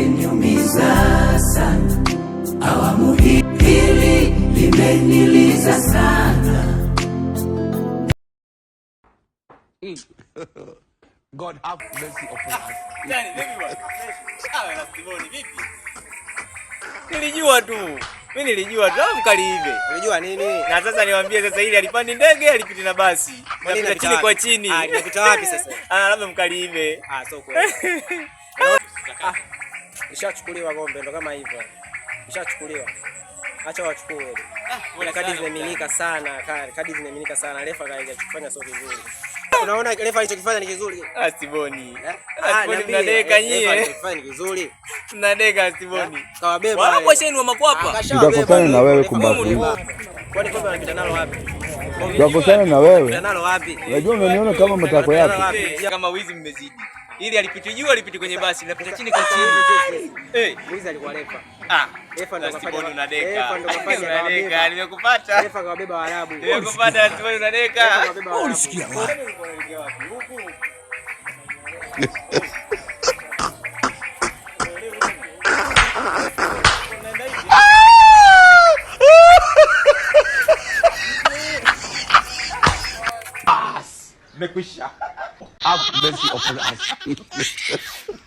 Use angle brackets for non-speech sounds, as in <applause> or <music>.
limeniumiza sana, awamu hili limeniliza sana. God have mercy upon us. Nilijua tu. Mimi nilijua tu mkaliive. Unajua nini? Na sasa niwaambie sasa hili alipandi ndege alipita na basi. Alipita chini kwa chini. Ah, wapi sasa? <laughs> Ah, labda mkaliive. Ah, so kweli. <laughs> Ishachukuliwa ng'ombe, ndo kama hivyo. Ishachukuliwa. Acha wachukue. Ah, kadi zimeminika sana, kadi zimeminika sana. Refa kaja kufanya sio vizuri. Ah! Unaona refa alichokifanya ni kizuri. Ah, Siboni. Asiboni. Ah, ah, Asiboni mnadeka nyie. Refa Ni kizuri. Mnadeka Siboni. Kawabeba. kwa kwasheni wa makwapa. Tukakutana na wewe kumbavu. Kwani kombe anakita nalo wapi? Tukakutana na wewe. Unajua umeniona kama matako yako. Kama wizi mmezidi ili alipiti juu alipiti kwenye basi napita chini kwa chini. Eh, Mwiza alikuwa Ah, ndo kafanya Nimekwisha. ab, wenn sie offen ist.